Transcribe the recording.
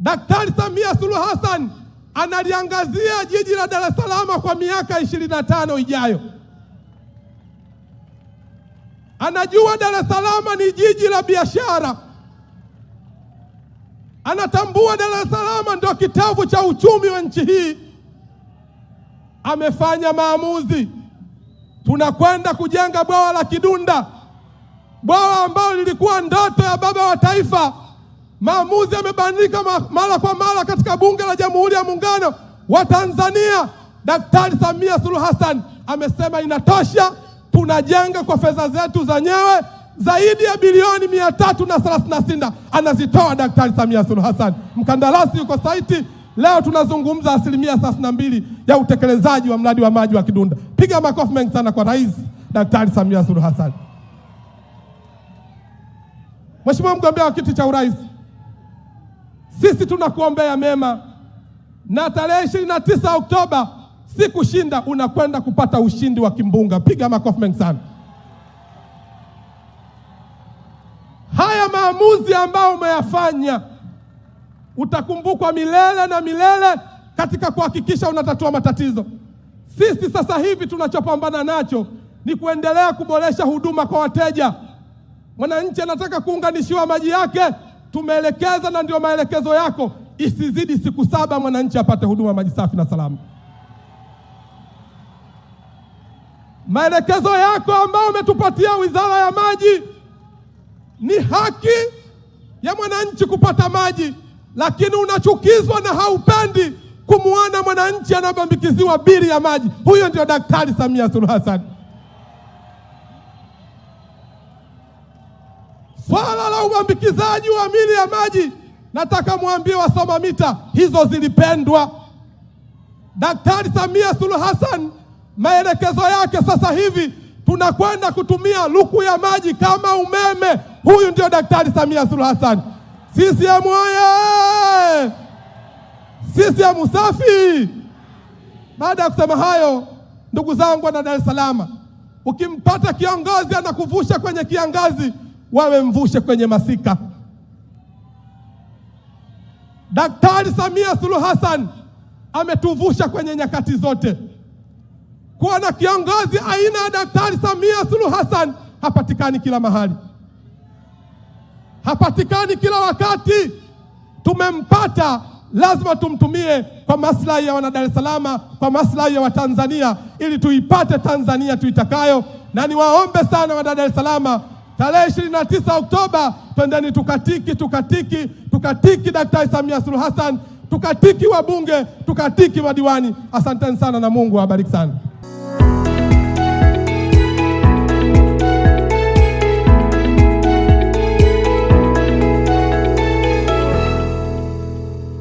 Daktari Samia Suluhu Hassan analiangazia jiji la Dar es Salaam kwa miaka ishirini na tano ijayo. Anajua Dar es Salaam ni jiji la biashara, anatambua Dar es Salaam ndio kitovu cha uchumi wa nchi hii. Amefanya maamuzi, tunakwenda kujenga bwawa la Kidunda, bwawa ambalo lilikuwa ndoto ya baba wa taifa Maamuzi yamebadilika mara kwa mara katika Bunge la Jamhuri ya Muungano wa Tanzania. Daktari Samia Suluhu Hassan amesema inatosha, tunajenga kwa fedha zetu zenyewe. Zaidi ya bilioni mia tatu na thelathini na sita anazitoa Daktari Samia Suluhu Hassan. Mkandarasi yuko saiti. Leo tunazungumza asilimia thelathini na mbili ya utekelezaji wa mradi wa maji wa Kidunda. Piga makofi mengi sana kwa Rais Daktari Samia Suluhu Hassan. Mheshimiwa mgombea wa kiti cha urais sisi tunakuombea mema, na tarehe ishirini na tisa Oktoba si kushinda, unakwenda kupata ushindi wa kimbunga. Piga makofi mengi sana. Haya maamuzi ambayo umeyafanya utakumbukwa milele na milele katika kuhakikisha unatatua matatizo. Sisi sasa hivi tunachopambana nacho ni kuendelea kuboresha huduma kwa wateja. Mwananchi anataka kuunganishiwa maji yake tumeelekeza na ndio maelekezo yako, isizidi siku saba mwananchi apate huduma maji safi na salama. Maelekezo yako ambayo umetupatia Wizara ya Maji ni haki ya mwananchi kupata maji, lakini unachukizwa na haupendi kumwona mwananchi anabambikiziwa bili ya maji. Huyo ndio Daktari Samia Suluhu Hassan. Swala la uambikizaji wa mili ya maji, nataka mwambie wasoma mita hizo zilipendwa. Daktari Samia Suluhu Hassan, maelekezo yake sasa hivi tunakwenda kutumia luku ya maji kama umeme. Huyu ndio Daktari Samia Suluhu Hassan. CCM oye! CCM safi! Baada ya kusema hayo, ndugu zangu wana Dar es Salaam, ukimpata kiongozi anakuvusha kwenye kiangazi wawe mvushe kwenye masika. Daktari Samia Suluhu Hassan ametuvusha kwenye nyakati zote. Kuwa na kiongozi aina ya Daktari Samia Suluhu Hassan hapatikani kila mahali, hapatikani kila wakati. Tumempata, lazima tumtumie kwa maslahi ya wana Dar es Salaam, kwa maslahi ya Watanzania, ili tuipate Tanzania tuitakayo. Na niwaombe sana wana Dar es Salaam Tarehe ishirini na tisa Oktoba twendeni tukatiki, tukatiki, tukatiki Daktari Samia Suluhu Hassan, tukatiki wabunge, tukatiki madiwani. Asanteni sana na Mungu awabariki sana.